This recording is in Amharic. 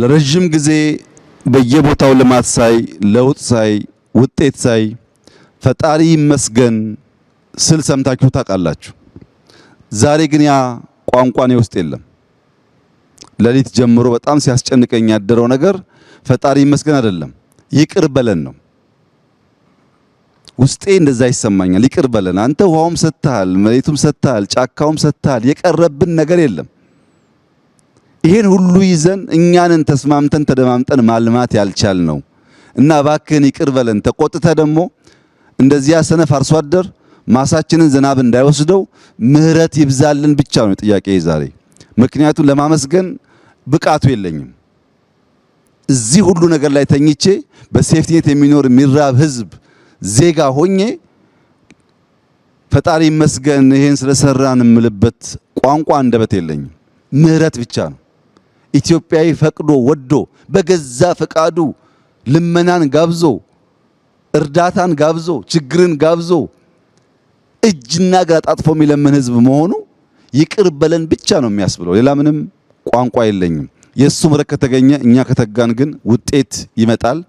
ለረጅም ጊዜ በየቦታው ልማት ሳይ፣ ለውጥ ሳይ፣ ውጤት ሳይ ፈጣሪ ይመስገን ስል ሰምታችሁ ታውቃላችሁ። ዛሬ ግን ያ ቋንቋ እኔ ውስጥ የለም። ለሊት ጀምሮ በጣም ሲያስጨንቀኝ ያደረው ነገር ፈጣሪ ይመስገን አይደለም፣ ይቅር በለን ነው። ውስጤ እንደዛ ይሰማኛል። ይቅር በለን አንተ ውሃውም ሰጥተሃል፣ መሬቱም ሰጥተሃል፣ ጫካውም ሰጥተሃል። የቀረብን ነገር የለም። ይህን ሁሉ ይዘን እኛንን ተስማምተን ተደማምጠን ማልማት ያልቻል ነው እና እባክህን ይቅር በለን። ተቆጥተ ደግሞ እንደዚያ ሰነፍ አርሶ አደር ማሳችንን ዝናብ እንዳይወስደው ምህረት ይብዛልን ብቻ ነው ጥያቄ ዛሬ። ምክንያቱም ለማመስገን ብቃቱ የለኝም። እዚህ ሁሉ ነገር ላይ ተኝቼ በሴፍቲኔት የሚኖር የሚራብ ህዝብ ዜጋ ሆኜ ፈጣሪ ይመስገን ይሄን ስለሰራን የምልበት ቋንቋ አንደበት የለኝም። ምህረት ብቻ ነው። ኢትዮጵያዊ ፈቅዶ ወዶ በገዛ ፈቃዱ ልመናን ጋብዞ እርዳታን ጋብዞ ችግርን ጋብዞ እጅና እግር አጣጥፎ የሚለምን ህዝብ መሆኑ ይቅር በለን ብቻ ነው የሚያስብለው። ሌላ ምንም ቋንቋ የለኝም። የእሱ መረክ ከተገኘ እኛ ከተጋን ግን ውጤት ይመጣል።